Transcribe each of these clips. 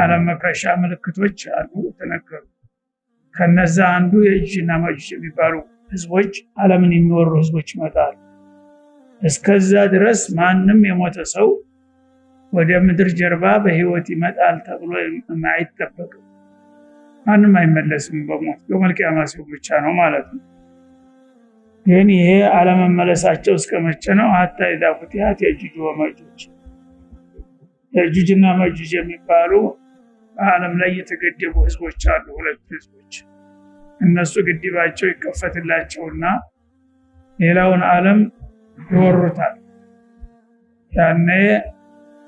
አለመክረሻ ምልክቶች አሉ ተነገሩ። ከነዛ አንዱ የእጅና ማጅ የሚባሉ ህዝቦች ዓለምን የሚወሩ ህዝቦች ይመጣሉ። እስከዛ ድረስ ማንም የሞተ ሰው ወደ ምድር ጀርባ በህይወት ይመጣል ተብሎ አይጠበቅም። ማንም አይመለስም በሞት የመልቅያማ ሰው ብቻ ነው ማለት ነው። ግን ይሄ አለመመለሳቸው እስከ መቼ ነው? ሀታ ኢዛ ፉቲሀት የእጁጅ ወመእጁጅ የእጁጅና የሚባሉ በዓለም ላይ የተገደቡ ህዝቦች አሉ። ሁለቱ ህዝቦች እነሱ ግድባቸው ይከፈትላቸውና ሌላውን ዓለም ይወሩታል። ያኔ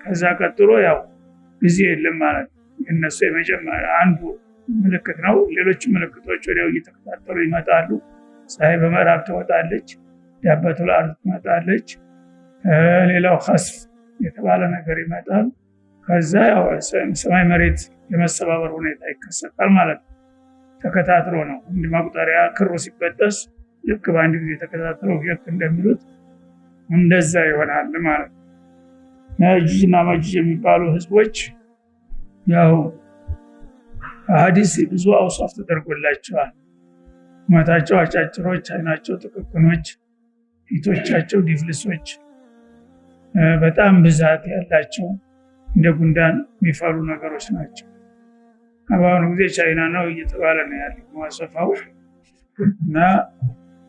ከዛ ቀጥሎ ያው ጊዜ የለም ማለት እነሱ የመጀመሪያ አንዱ ምልክት ነው። ሌሎች ምልክቶች ወዲያው እየተከታተሉ ይመጣሉ። ፀሐይ በምዕራብ ትወጣለች፣ ዳበቱል አርድ ትመጣለች። ሌላው ከስፍ የተባለ ነገር ይመጣል። ከዛ ያው ሰማይ መሬት የመሰባበር ሁኔታ ይከሰታል ማለት ነው። ተከታትሎ ነው እንደ መቁጠሪያ ክሩ ሲበጠስ ልክ በአንድ ጊዜ ተከታትሎ ሁለት እንደሚሉት እንደዛ ይሆናል ማለት ነው። መጅጅ እና የሚባሉ ህዝቦች ያው ሐዲስ ብዙ አውሷፍ ተደርጎላቸዋል። ቁመታቸው አጫጭሮች፣ አይናቸው ጥቅቅኖች፣ ፊቶቻቸው ዲፍልሶች፣ በጣም ብዛት ያላቸው እንደ ጉንዳን የሚፈሉ ነገሮች ናቸው። በአሁኑ ጊዜ ቻይና ነው እየተባለ ነው ያለ ማሰፋው እና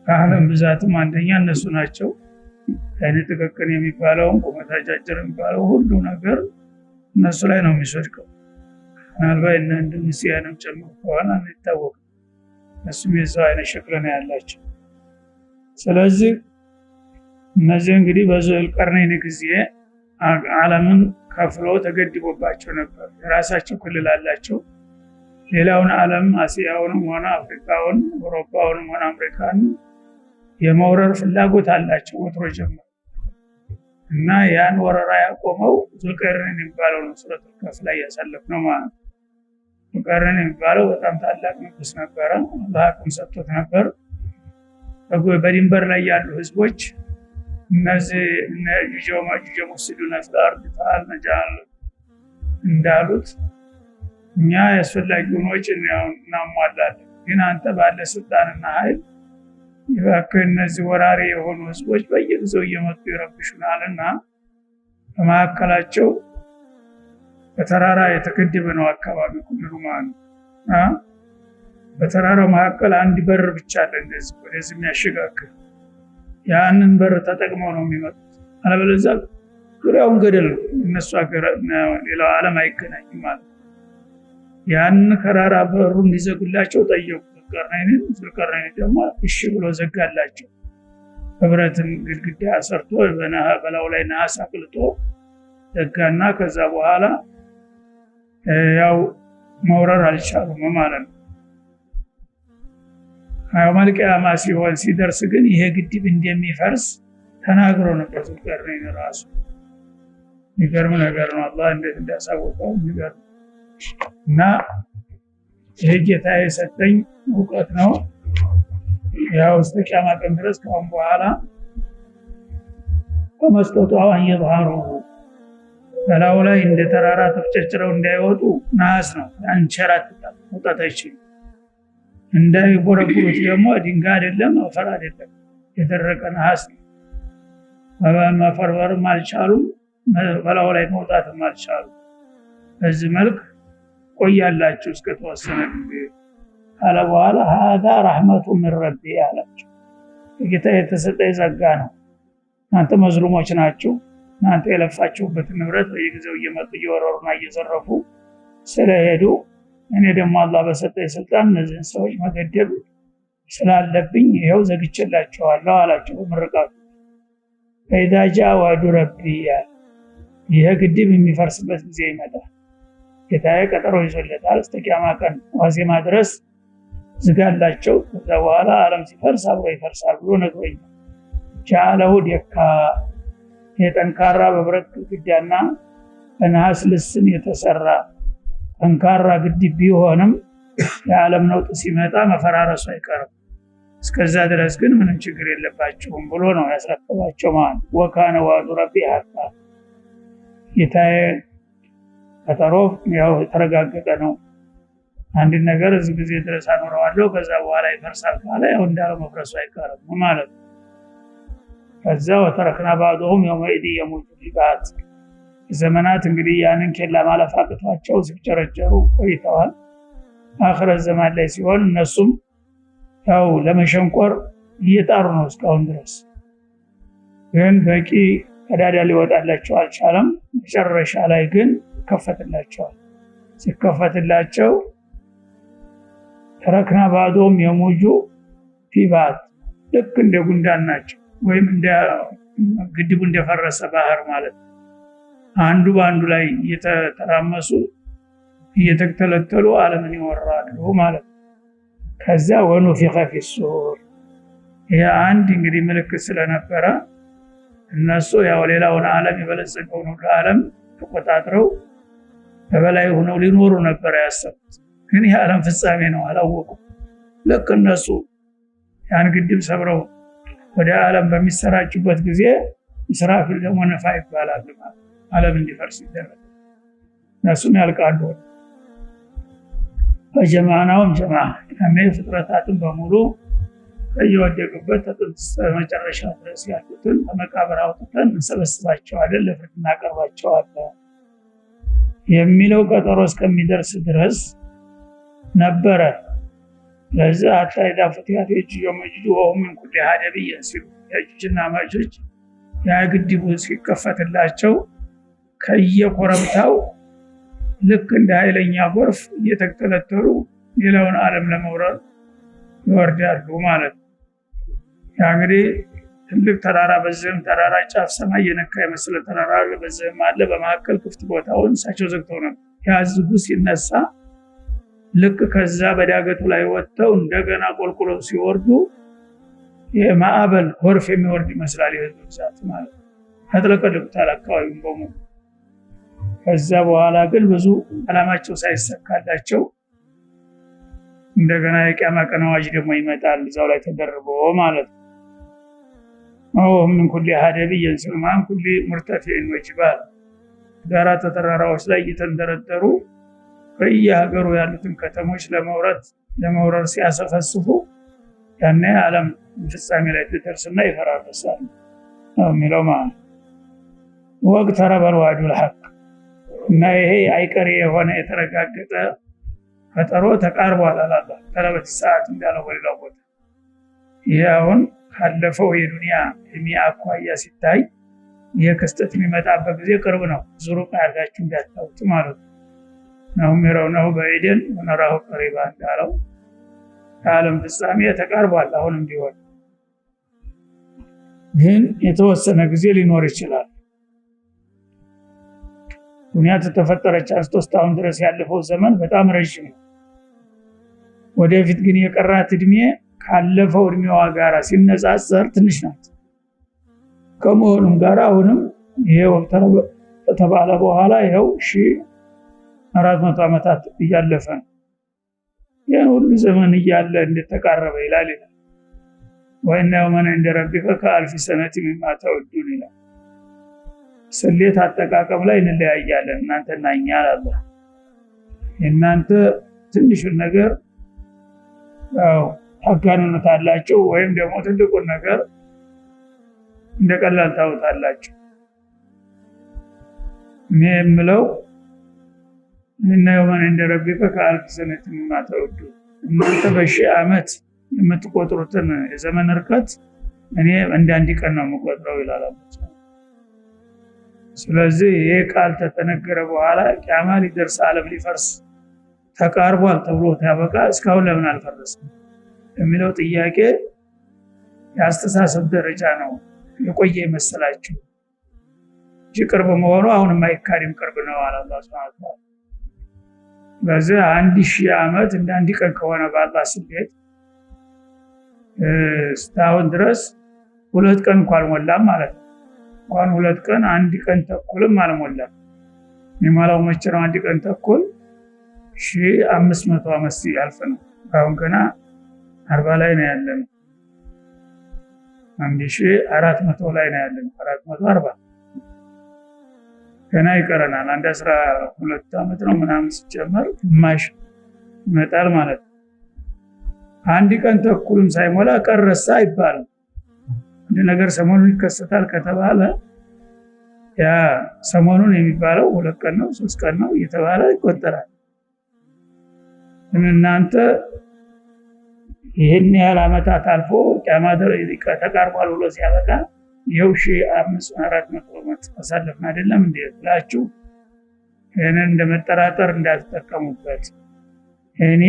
ከዓለም ብዛትም አንደኛ እነሱ ናቸው። አይነ ጥቅቅን የሚባለውን ቁመት አጫጭር የሚባለው ሁሉ ነገር እነሱ ላይ ነው የሚሰድቀው። ምናልባት እነ ኢንዶኔዥያንም ጨምሮ ከሆነ አይታወቅም። እነሱም የዛው አይነት ሸክለ ነው ያላቸው። ስለዚህ እነዚህ እንግዲህ በዙ በዙልቀርነይን ጊዜ ዓለምን ከፍሎ ተገድቦባቸው ነበር። የራሳቸው ክልል አላቸው። ሌላውን ዓለም አሲያውንም ሆነ አፍሪካውን፣ አውሮፓውንም ሆነ አሜሪካን የመውረር ፍላጎት አላቸው ወትሮ ጀምሮ እና ያን ወረራ ያቆመው ዙልቀርን የሚባለው ነው። ሱረቱል ከፍ ላይ ነው ማለት ነው። ዙልቀርን የሚባለው በጣም ታላቅ ንጉስ ነበረ። አቅም ሰጥቶት ነበር። በድንበር ላይ ያሉ ህዝቦች እነዚህ እነ ጁጀ ማጁጀ ሙፍሲዱነ ፊል አርድ ነጅዐል እንዳሉት እኛ ያስፈላጊውን ወጪ እናሟላለን፣ ግን አንተ ባለ ስልጣንና ኃይል እባክህ እነዚህ ወራሪ የሆኑ ህዝቦች በየጊዜው እየመጡ ይረብሹናልና በመካከላቸው በተራራ የተገደበ ነው አካባቢ ሁሉ ማለት ነው። በተራራው መካከል አንድ በር ብቻ አለ እንደዚህ ወደዚህ የሚያሸጋግር ያንን በር ተጠቅመው ነው የሚመጡት። አለበለዚያ ዙሪያውን ገደል ነው። እነሱ ሌላው ዓለም አይገናኝም ማለት ያን ከራራ በሩ እንዲዘጉላቸው ጠየቁ። ቀርናይን ዝልቀርናይን ደግሞ እሺ ብሎ ዘጋላቸው። ህብረትን ግድግዳ አሰርቶ በላዩ ላይ ነሐስ አቅልጦ ዘጋና ከዛ በኋላ ያው መውረር አልቻሉም ማለት ነው። የውመልቅያማ ሲሆን ሲደርስ ግን ይሄ ግድብ እንደሚፈርስ ተናግሮ ነበር። ዙልቀር ራሱ የሚገርም ነገር ነው። አላህ እንዴት እንዳሳወቀው የሚገርም እና ይሄ ጌታ የሰጠኝ እውቀት ነው። ያው እስከ ቂያማ ቀን ድረስ ከአሁን በኋላ ከመስጠቱ አዋን የባህሩ በላዩ ላይ እንደ ተራራ ተፍጨጭረው እንዳይወጡ ነሐስ ነው አንቸራት መውጣት አይችሉም። እንዳይቦረቡሩት ደግሞ ድንጋይ አይደለም አፈር አይደለም የደረቀ ነሐስ መፈርፈርም አልቻሉም። በላዩ ላይ መውጣትም አልቻሉ በዚህ መልክ ቆያላችሁ እስከ ተወሰነ ጊዜ ካለ በኋላ ሀዛ ረሕመቱ ምን ረቢ አላቸው። ጌታ የተሰጠ የጸጋ ነው። እናንተ መዝሉሞች ናችሁ። እናንተ የለፋችሁበት ንብረት በየጊዜው እየመጡ እየወረሩና እየዘረፉ ስለሄዱ እኔ ደግሞ አላህ በሰጠኝ ስልጣን እነዚህን ሰዎች መገደብ ስላለብኝ ይኸው ዘግቼላቸዋለሁ አላቸው። ምርቃቱ ፈኢዛ ዋዱ ወዕዱ ረቢ ያል ይህ ግድብ የሚፈርስበት ጊዜ ይመጣል። ጌታዬ ቀጠሮ ይዞለታል። እስከ ቂያማ ቀን ዋዜማ ድረስ ዝጋላቸው፣ ከዛ በኋላ አለም ሲፈርስ አብሮ ይፈርሳል ብሎ ነግሮኛል። ጃአለሁ ደካ የጠንካራ በብረት ግድግዳና በነሐስ ልስን የተሰራ ጠንካራ ግድብ ቢሆንም የዓለም ነውጥ ሲመጣ መፈራረሱ አይቀርም። እስከዛ ድረስ ግን ምንም ችግር የለባቸውም ብሎ ነው ያስረከባቸው። ማለት ወካነ ዋዱ ረቢ ሀቃ ጌታዬ ቀጠሮ ያው የተረጋገጠ ነው። አንድን ነገር እዚህ ጊዜ ድረስ አኖረዋለሁ ከዛ በኋላ ይፈርሳል ካለ ያው እንዳለው መፍረሱ አይቀርም ማለት ነው። ከዛ ወተረክና ባዕዶሁም የውመኢድን የሙጁ ፊል ባዕድ ዘመናት እንግዲህ ያንን ኬላ ማለፍ አቅቷቸው ሲጨረጨሩ ቆይተዋል። አክረት ዘመን ላይ ሲሆን እነሱም ያው ለመሸንቆር እየጣሩ ነው እስካሁን ድረስ ግን በቂ ቀዳዳ ሊወጣላቸው አልቻለም። መጨረሻ ላይ ግን ይከፈትላቸዋል። ሲከፈትላቸው ተረክና ባዶም የሙጁ ፊባት ልክ እንደ ጉንዳን ናቸው፣ ወይም ግድቡ እንደፈረሰ ባህር ማለት ነው። አንዱ በአንዱ ላይ እየተተራመሱ እየተተለተሉ ዓለምን ይወራሉ ማለት ነው። ከዛ ወኑፊኸ ፊ ሱር ይህ አንድ እንግዲህ ምልክት ስለነበረ እነሱ ያው ሌላውን ዓለም የበለጸገውን ሁሉ ዓለም ተቆጣጥረው በበላይ ሆነው ሊኖሩ ነበር ያሰቡት። ግን ይህ ዓለም ፍጻሜ ነው አላወቁም። ልክ እነሱ ያን ግድብ ሰብረው ወደ ዓለም በሚሰራጩበት ጊዜ ምስራፊል ደግሞ ነፋ ይባላል ማለት ዓለም እንዲፈርስ ይደረግ። እነሱም ያልቃሉ። በጀማናውም ጀማ ያኔ ፍጥረታትን በሙሉ እየወደቁበት መጨረሻ ድረስ ያሉትን ከመቃብር አውጥተን እንሰበስባቸዋለን፣ ለፍርድ እናቀርባቸዋለን የሚለው ቀጠሮ እስከሚደርስ ድረስ ነበረ። ለዚህ አታይዳ ፍትያት የእጅ መጅድ ወሁምን ኩሌ ሀደብየን ሲሉ የእጅጅና መጆች ያ ግድቡ ሲከፈትላቸው ከየኮረብታው ልክ እንደ ኃይለኛ ጎርፍ እየተተለተሉ ሌላውን ዓለም ለመውረር ይወርዳሉ ማለት ነው። ያ እንግዲህ ትልቅ ተራራ በዚህም ተራራ ጫፍ ሰማይ የነካ የመሰለ ተራራ በዚህም አለ። በመካከል ክፍት ቦታውን እሳቸው ዘግተው ነው ያዝጉ ሲነሳ ልክ ከዛ በዳገቱ ላይ ወጥተው እንደገና ቆልቁለው ሲወርዱ የማዕበል ጎርፍ የሚወርድ ይመስላል የህዝብ ብዛት ማለት ነው። ያጥለቀልቁታል አካባቢውን በሙሉ ከዛ በኋላ ግን ብዙ አላማቸው ሳይሰካላቸው እንደገና የቂያማ ቀን አዋጅ ደግሞ ይመጣል እዛው ላይ ተደርቦ ማለት ነው። ምን ኩል ሀደብ የንስማን ኩል ሙርተፊን ወጅባል ጋራ ተተራራዎች ላይ እየተንደረደሩ በየሀገሩ ያሉትን ከተሞች ለመውረት ለመውረር ሲያሰፈስፉ ያኔ ዓለም ፍጻሜ ላይ ትደርስና ይፈራረሳል ነው የሚለው ማለት ወቅት ረበል ዋዱ ልሐቅ እና ይሄ አይቀሬ የሆነ የተረጋገጠ ፈጠሮ ተቃርቧል አላላ ተለበት ሰዓት እንዳለው በሌላው ቦታ ይህ አሁን ካለፈው የዱንያ እድሜ አኳያ ሲታይ ይህ ክስተት የሚመጣበት ጊዜ ቅርብ ነው። ዙሩ ቃያጋችሁ እንዳታውጡ ማለት ነው። ነሁም ነው በዒደን ወነራሁ ቀሪባ እንዳለው ከዓለም ፍጻሜ ተቃርቧል። አሁንም ቢሆን ግን የተወሰነ ጊዜ ሊኖር ይችላል። ዱኒያ ተተፈጠረች አንስቶ እስካሁን ድረስ ያለፈው ዘመን በጣም ረዥም ነው። ወደፊት ግን የቀራት እድሜ ካለፈው እድሜዋ ጋር ሲነጻጸር ትንሽ ናት። ከመሆኑም ጋር አሁንም ይሄ ወቅት በኋላ ይኸው ሺ አራት መቶ ዓመታት እያለፈ ነው። ያን ሁሉ ዘመን እያለ እንደተቃረበ ይላል ይላል ወይና የውመን እንደረቢከ ከአልፊ ሰነት ሚማ ይላል ስሌት አጠቃቀም ላይ እንለያያለን። እናንተና እኛ ላለ እናንተ ትንሹን ነገር ሀጋንነት አላችሁ፣ ወይም ደግሞ ትልቁን ነገር እንደ ቀላል ታውታላችሁ። እኔ የምለው እና የሆነ እንደ ከአልክ ሰነት እናንተ በሺህ ዓመት የምትቆጥሩትን የዘመን እርቀት እኔ እንደ አንድ ቀን ነው የምቆጥረው ይላል። ስለዚህ ይህ ቃል ተተነገረ በኋላ ቂያማ ሊደርስ ዓለም ሊፈርስ ተቃርቧል ተብሎ ያበቃ እስካሁን ለምን አልፈረሰም የሚለው ጥያቄ የአስተሳሰብ ደረጃ ነው የቆየ ይመስላችሁ እንጂ ቅርብ መሆኑ አሁንም አይካድም፣ ቅርብ ነው አለ አላህ ወተዓላ። በዚህ አንድ ሺህ ዓመት እንደ አንድ ቀን ከሆነ በአላህ ስሌት እስካሁን ድረስ ሁለት ቀን እንኳ አልሞላም ማለት ነው። እንኳን ሁለት ቀን አንድ ቀን ተኩልም አልሞላም። የሚሞላው መቼ ነው? አንድ ቀን ተኩል ሺ አምስት መቶ ዓመት ሲያልፍ ነው። አሁን ገና አርባ ላይ ነው ያለ ነው። አንድ ሺ አራት መቶ ላይ ነው ያለ ነው። አራት መቶ አርባ ገና ይቀረናል። አንድ አስራ ሁለት ዓመት ነው ምናምን ሲጨመር ግማሽ ይመጣል ማለት ነው። አንድ ቀን ተኩልም ሳይሞላ ቀረሳ አይባልም። አንድ ነገር ሰሞኑን ይከሰታል ከተባለ ያ ሰሞኑን የሚባለው ሁለት ቀን ነው፣ ሶስት ቀን ነው እየተባለ ይቆጠራል። እናንተ ይህን ያህል ዓመታት አልፎ ቂያማ ተቃርቧል ብሎ ሲያበቃ ይኸው ሺ አምስት አራት መቶ ዓመት አሳለፍን አይደለም እንዲ ብላችሁ ይህንን እንደመጠራጠር እንዳትጠቀሙበት። እኔ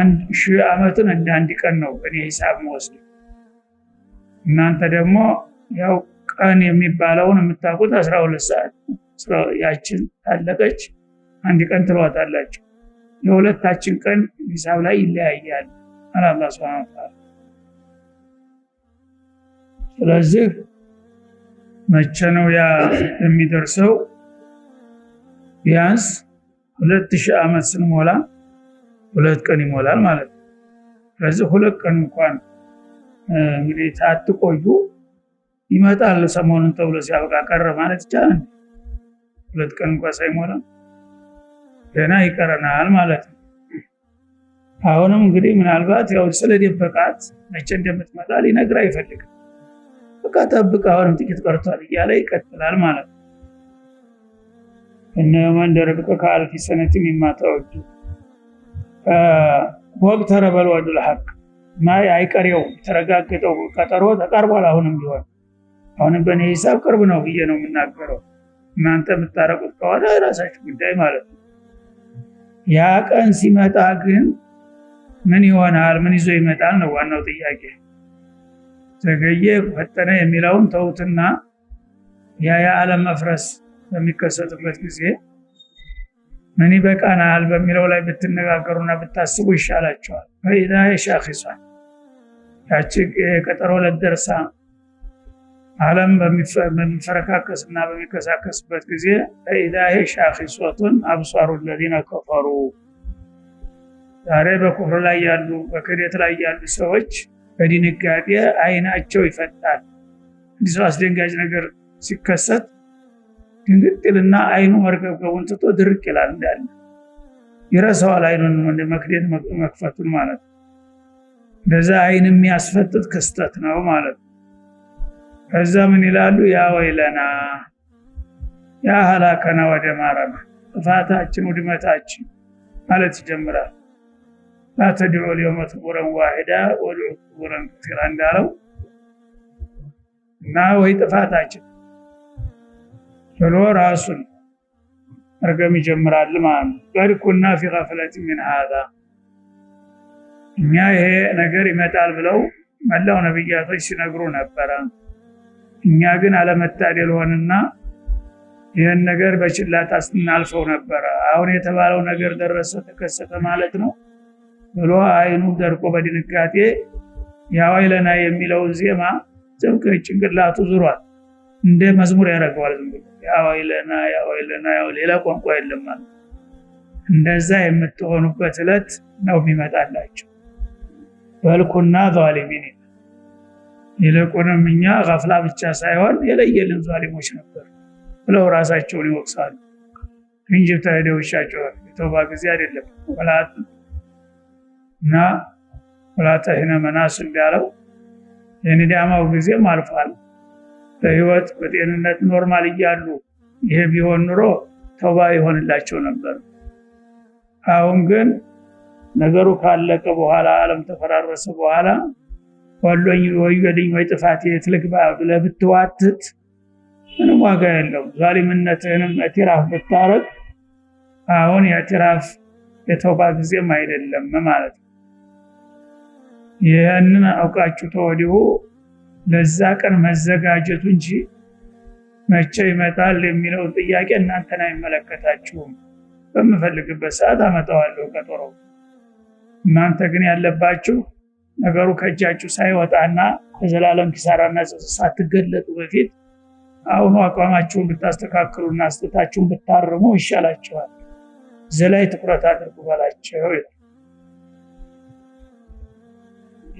አንድ ሺህ ዓመትን እንደ አንድ ቀን ነው እኔ ሂሳብ መወስድ እናንተ ደግሞ ያው ቀን የሚባለውን የምታውቁት አስራ ሁለት ሰዓት ያችን ታለቀች አንድ ቀን ትለዋጣላችሁ። የሁለታችን ቀን ሂሳብ ላይ ይለያያል አላላ ስብን ስለዚህ መቼ ነው ያ የሚደርሰው? ቢያንስ ሁለት ሺህ ዓመት ስንሞላ ሁለት ቀን ይሞላል ማለት ነው። ስለዚህ ሁለት ቀን እንኳን እንግዲህ ሳትቆዩ ይመጣል ሰሞኑን ተብሎ ሲያበቃ ቀረ ማለት ይቻላል። ሁለት ቀን እንኳ ሳይሞላ ገና ይቀረናል ማለት ነው። አሁንም እንግዲህ ምናልባት ያው ስለደበቃት መቼ እንደምትመጣ ሊነግር አይፈልግም። በቃ ጠብቅ፣ አሁንም ጥቂት ቀርቷል እያለ ይቀጥላል ማለት ነው። እነ መንደረብቀ ከአልፊ ሰነትን የማታወዱ ወቅት ረበል ወዱል ሀቅ አይቀሬው የተረጋገጠው ቀጠሮ ተቃርቧል። አሁንም ቢሆን አሁንም በእኔ ሂሳብ ቅርብ ነው ብዬ ነው የምናገረው። እናንተ የምታረቁት ከሆነ የራሳችሁ ጉዳይ ማለት ነው። ያ ቀን ሲመጣ ግን ምን ይሆናል? ምን ይዞ ይመጣል ነው ዋናው ጥያቄ። ዘገየ ፈጠነ የሚለውን ተውትና ያ የዓለም መፍረስ በሚከሰትበት ጊዜ ምን ይበቃናል በሚለው ላይ ብትነጋገሩና ብታስቡ ይሻላቸዋል። ፈኢዛ የሻኪሷል ያቺ ቀጠሮ ዕለት ዓለም በሚፈረካከስ እና በሚከሳከስበት ጊዜ ኢላሄ ሻኺሶቱን አብሷሩ ለዚነ ከፈሩ ዛሬ በኩፍር ላይ ያሉ በክደት ላይ ያሉ ሰዎች በድንጋጤ አይናቸው ይፈጣል። እንዲህ ሰው አስደንጋጭ ነገር ሲከሰት ድንግጥልና አይኑ መርገብገቡን ትቶ ድርቅ ይላል። እንዳለ ይረሳዋል አይኑን መክደት መክፈቱን ማለት ነው። ለዛ አይን የሚያስፈጥጥ ክስተት ነው ማለት ነው። ከዛ ምን ይላሉ? ያ ወይለና ያ ሀላከና ወደ ማረመ ጥፋታችን ውድመታችን ማለት ይጀምራል። ላተድዑ ልየውመ ቡረን ዋሂዳ ወድዑ ቡረን ክቲራ እንዳለው እና ወይ ጥፋታችን ብሎ ራሱን እርገም ይጀምራል ማለት ነው። ቀድ ፊ ቀፍለት ምን ሃዛ እኛ ይሄ ነገር ይመጣል ብለው መላው ነቢያቶች ሲነግሩ ነበረ። እኛ ግን አለመታደል ሆንና ይህን ነገር በችላታ ስናልፈው ነበረ። አሁን የተባለው ነገር ደረሰ ተከሰተ ማለት ነው ብሎ አይኑ ደርቆ በድንጋጤ ለና የሚለውን ዜማ ጥብቅ ጭንቅላቱ ዙሯል። እንደ መዝሙር ያደረገዋል። ዝም ብሎ ሌላ ቋንቋ የለም ማለት እንደዛ የምትሆኑበት እለት ነው የሚመጣላቸው። በልኩና ዛሊሚን ይልቁንም እኛ ጋፍላ ብቻ ሳይሆን የለየልን ዛሊሞች ነበር ብለው ራሳቸውን ይወቅሳሉ። እንጅብታ ሄደው ይሻቸዋል። የተውባ ጊዜ አይደለም ወላት እና ወላተህነ መናስ እንዳለው የኒዳማው ጊዜም አልፏል። በህይወት በጤንነት ኖርማል እያሉ ይሄ ቢሆን ኑሮ ተውባ ይሆንላቸው ነበር። አሁን ግን ነገሩ ካለቀ በኋላ ዓለም ተፈራረሰ በኋላ ወሎኝ ወዮልኝ ወይ ጥፋት የትልግባ ብለህ ብትዋትት ምንም ዋጋ የለውም። ዛሊምነትህንም እዕትራፍ ብታረግ አሁን የእዕትራፍ የተውባ ጊዜም አይደለም ማለት ነው። ይህንን አውቃችሁ ተወዲሁ ለዛ ቀን መዘጋጀቱ እንጂ መቼ ይመጣል የሚለውን ጥያቄ እናንተን አይመለከታችሁም። በምፈልግበት ሰዓት አመጣዋለሁ ቀጠሮ እናንተ ግን ያለባችሁ ነገሩ ከእጃችሁ ሳይወጣና ከዘላለም ኪሳራና ሳትገለጡ በፊት አሁኑ አቋማችሁን ብታስተካክሉና ስህተታችሁን ብታርሙ ይሻላችኋል። ዘላይ ትኩረት አድርጉ በላቸው ይላል።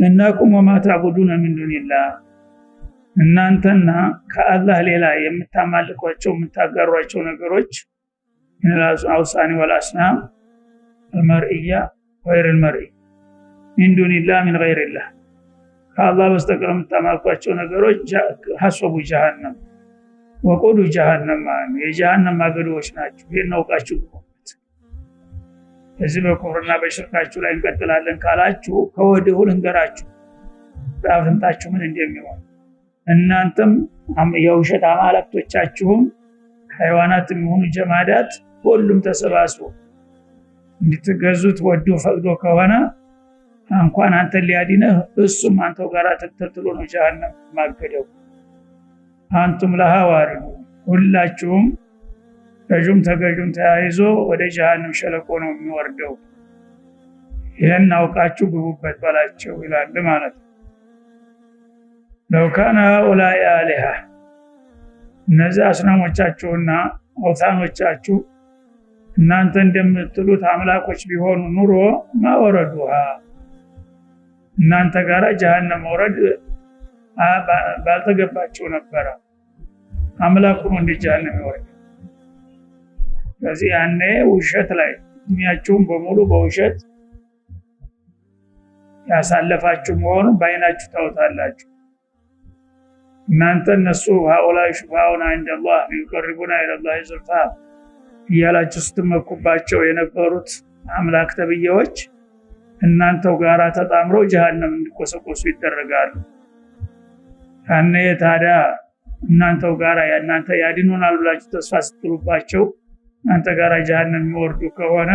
እናቁም ወማ ታዕቡዱነ ሚን ዱኒላህ እናንተና ከአላህ ሌላ የምታማልኳቸው የምታጋሯቸው ነገሮች አውሳኒ ወልአስናም መርእያ ገይረል መርዒ ሚን ዱኒላህ ሚን ገይሪላህ ከአላህ በስተቀር የምታመልኳቸው ነገሮች ሀሶቡ ጀሃነም ወቆዱ ጀሃነም ማለት ነው። የጀሃነም ማገዶዎች ናቸው። ይህን አውቃችሁ ቁሙበት። እዚህ በኩፍርና በሽርካችሁ ላይ እንቀጥላለን ካላችሁ ከወዲሁ ልንገራችሁ አፍንጣችሁ ምን እንደሚሆን እናንተም የውሸት አማልክቶቻችሁም፣ ሃይዋናት የሚሆኑ ጀማዳት ሁሉም ተሰባስቦ እንድትገዙት ወዶ ፈቅዶ ከሆነ እንኳን አንተ ሊያዲነ እሱም አንተው ጋር ተተልትሎ ነው ጀሃነም ማገደው። አንቱም ለሃ ሁላችሁም ገዥም ተገዥም ተያይዞ ወደ ጀሃነም ሸለቆ ነው የሚወርደው። ይህን አውቃችሁ ግቡበት በላቸው ይላል ማለት ነው። ለው ካነ ሃኡላኢ እነዚህ አስናሞቻችሁና አውታኖቻችሁ እናንተ እንደምትሉት አምላኮች ቢሆኑ ኑሮ ማወረዱ እናንተ ጋር ጀሃነም መውረድ ባልተገባቸው ነበረ። አምላኩ ነው እንደ ጀሃነም ይወርድ። ስለዚህ ያኔ ውሸት ላይ እድሜያችሁን በሙሉ በውሸት ያሳለፋችሁ መሆኑ በአይናችሁ ታውታላችሁ። እናንተ እነሱ ሀኡላ ሹፋኡና ዐንደላህ ሊቀርቡና ኢለላህ ዙልፋ እያላችሁ ስትመኩባቸው የነበሩት አምላክ ተብዬዎች እናንተው ጋር ተጣምረው ጀሃነም እንዲቆሰቆሱ ይደረጋሉ። ያኔ ታዲያ እናንተው ጋር እናንተ ያድኑናል ብላችሁ ተስፋ ስትሉባቸው እናንተ ጋር ጀሃነም የሚወርዱ ከሆነ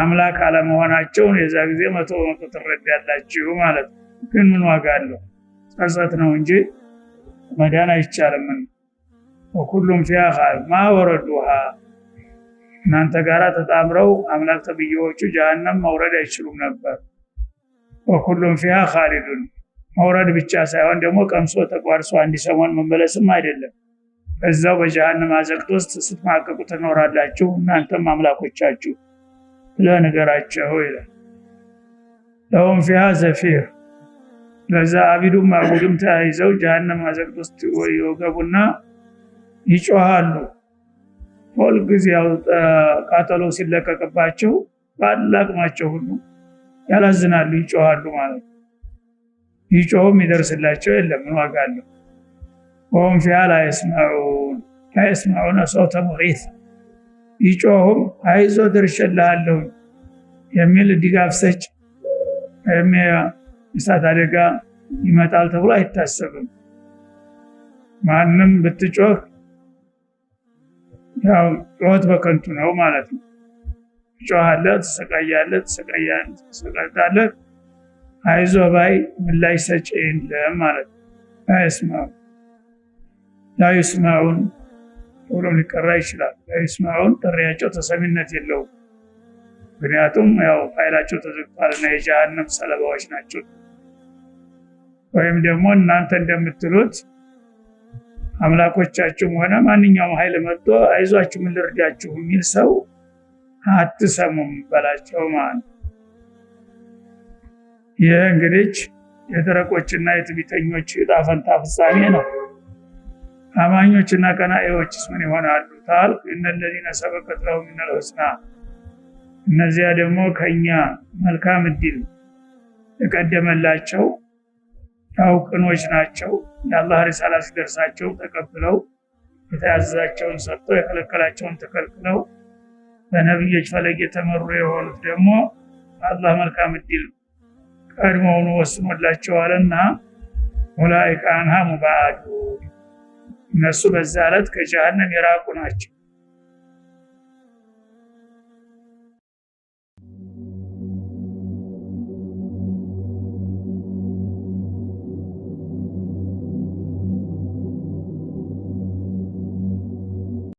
አምላክ አለመሆናቸውን የዛ ጊዜ መቶ በመቶ ትረዳላችሁ ማለት ነው። ግን ምን ዋጋ አለው? ጸጸት ነው እንጂ መዳን አይቻልም። ወኩሉም ፊያ ኻሊድ ማ ወረዱሃ እናንተ ጋር ተጣምረው አምላክ ተብዬዎቹ ጀሃነም መውረድ አይችሉም ነበር። ወኩሉም ፊያ ኻሊዱን መውረድ ብቻ ሳይሆን ደግሞ ቀምሶ ተቋርሶ አንድ ሰሞን መመለስም አይደለም። እዛው በጀሃነም አዘቅት ውስጥ ስትማቀቁ ትኖራላችሁ እናንተም አምላኮቻችሁ ብለህ ንገራቸው ይላል። ለሁም ፊሃ ዘፊር ለዛ አቢዱም ማዕቡድም ተያይዘው ጀሃነም አዘቅት ውስጥ ይወገቡና ይጮሃሉ። ሁልጊዜ ቃጠሎ ሲለቀቅባቸው ባላቅማቸው ሁሉ ያላዝናሉ፣ ይጮሃሉ ማለት ነው። ይጮህም ይደርስላቸው የለም ምን ዋጋ አለው? ወሁም ፊሃ ላየስማዑን ላየስማዑነ ሶውተ ሙዒት ይጮሁም አይዞ ደርሼልሃለሁ የሚል ድጋፍ ሰጭ እሳት አደጋ ይመጣል ተብሎ አይታሰብም። ማንም ብትጮህ ያው ጩኸት በከንቱ ነው ማለት ነው። ትጮሃለህ፣ ትሰቃያለህ፣ ትሰቃያለህ፣ ትሰቃታለህ። አይዞህ ባይ ምላሽ ሰጪ የለም ማለት ነው። ላይስማዑ ላይስማዑን ተብሎም ሊቀራ ይችላል። ላይስማዑን ጥሪያቸው ተሰሚነት የለውም። ምክንያቱም ያው ኃይላቸው ተዘግቷልና የጀሃነም ሰለባዎች ናቸው። ወይም ደግሞ እናንተ እንደምትሉት አምላኮቻችሁም ሆነ ማንኛውም ኃይል መጥቶ አይዟችሁ ምን ልርዳችሁ የሚል ሰው አትሰሙም በላቸው ማለት ይህ እንግዲህ የደረቆችና የትዕቢተኞች ዕጣ ፈንታ ፍጻሜ ነው። አማኞችና ቀናኤዎችስ ምን ይሆናሉ ታል እነለዚነ ሰበቀት ለሁም ሚነል ሑስና እነዚያ ደግሞ ከእኛ መልካም እድል የቀደመላቸው ታውቅኖች ናቸው። የአላህ ሪሳላ ሲደርሳቸው ተቀብለው የታዘዛቸውን ሰጥተው የከለከላቸውን ተከልክለው በነብዮች ፈለግ የተመሩ የሆኑት ደግሞ አላህ መልካም እድል ቀድሞውኑ ወስኖላቸዋልና ኡላኢከ አንሃ ሙባዱ እነሱ በዛ ዕለት ከጀሃነም የራቁ ናቸው።